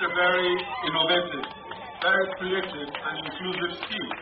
a very innovative, very creative and inclusive scheme.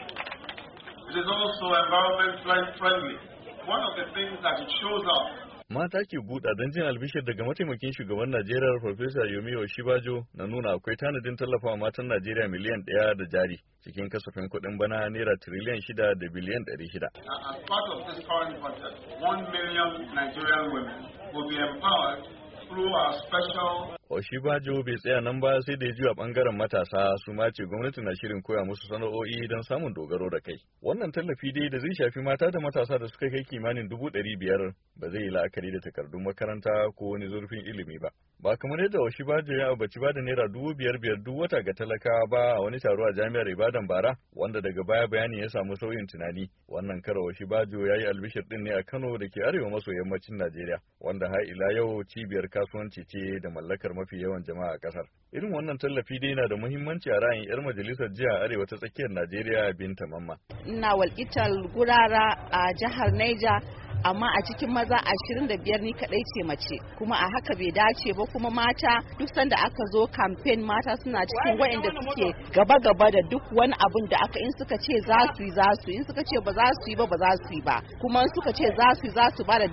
It is also environmentally friendly. One of the things that it shows up mata ke buɗa don albishir daga mataimakin shugaban Najeriya Farfesa Yomiyo Shibajo na nuna akwai tanadin tallafawa matan Najeriya miliyan ɗaya da jari cikin kasafin kuɗin bana naira tiriliyan shida da biliyan ɗari shida. As part of this current budget, one million Nigerian women will be empowered through our special Oshibajo bai tsaya nan ba sai da ya juya bangaren matasa su ma ce gwamnati na shirin koya musu sana'o'i don samun dogaro da kai. Wannan tallafi dai da zai shafi mata da matasa da suka kai kimanin dubu ɗari biyar ba zai yi la'akari da takardun makaranta ko wani zurfin ilimi ba. Ba kamar yadda Oshibajo ya abaci ba da naira dubu biyar biyar duk wata ga talaka ba a wani taro a jami'ar Ibadan bara wanda daga baya bayani ya samu sauyin tunani. Wannan kara Oshibajo ya yi albishir din ne a Kano da ke arewa maso yammacin Najeriya wanda har ila yau cibiyar kasuwanci ce da mallakar mafi yawan jama'a a kasar. Irin wannan tallafi dai na da muhimmanci a ra'ayin 'yar majalisar jiha arewa ta tsakiyar Najeriya Binta Mamma. Ina walƙitar gurara a jihar Niger amma a cikin maza ashirin da biyar ni kadai ce mace kuma a haka bai dace ba kuma mata duk sanda aka zo kamfen mata suna cikin waɗanda suke gaba-gaba da duk wani abun da aka in suka ce za su yi za su in suka ce ba za su yi ba ba za su yi ba kuma suka ce za su yi za su ba da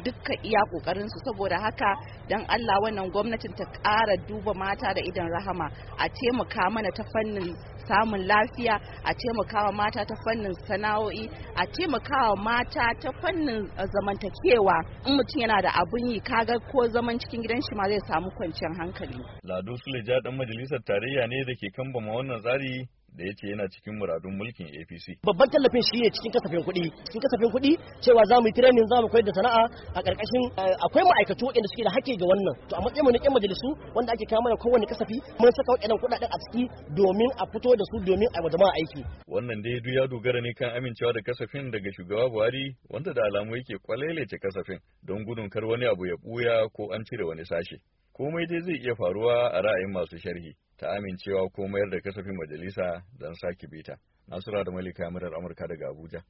iya kokarin su saboda haka dan Allah wannan gwamnatin ta ƙara duba mata da idan rahama a taimaka mana ta fannin samun lafiya a taimakawa mata ta fannin sana'o'i a taimakawa mata ta fannin uh, zamantakewa in mutum yana da abin yi kaga ko zaman cikin gidan shi ma zai samu kwanciyar hankali lado Sule ja dan majalisar tarayya ne da ke kambama wannan tsari da ya ce yana cikin muradun mulkin APC. Babban tallafin shi ne cikin kasafin kuɗi, cikin kasafin kuɗi cewa za mu yi training za mu koyar da sana'a a ƙarƙashin eh, akwai ma'aikatu waɗanda suke da haƙƙi ga wannan. To a matsayin mu na ƴan majalisu wanda ake kawo mana kowane kasafi mun saka waɗannan kuɗaɗen a ciki domin a fito da su domin a jama'a aiki. Wannan dai duk ya dogara ne kan amincewa da kasafin daga shugaba Buhari wanda da alamu yake ce kasafin don gudun kar wani abu ya ɓuya ko an cire wani sashe. komai dai zai iya faruwa a ra'ayin masu sharhi ta amincewa ko mayar da kasafin majalisa don sake beta Nasura da Malika Murar Amurka daga Abuja,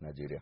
Najeriya.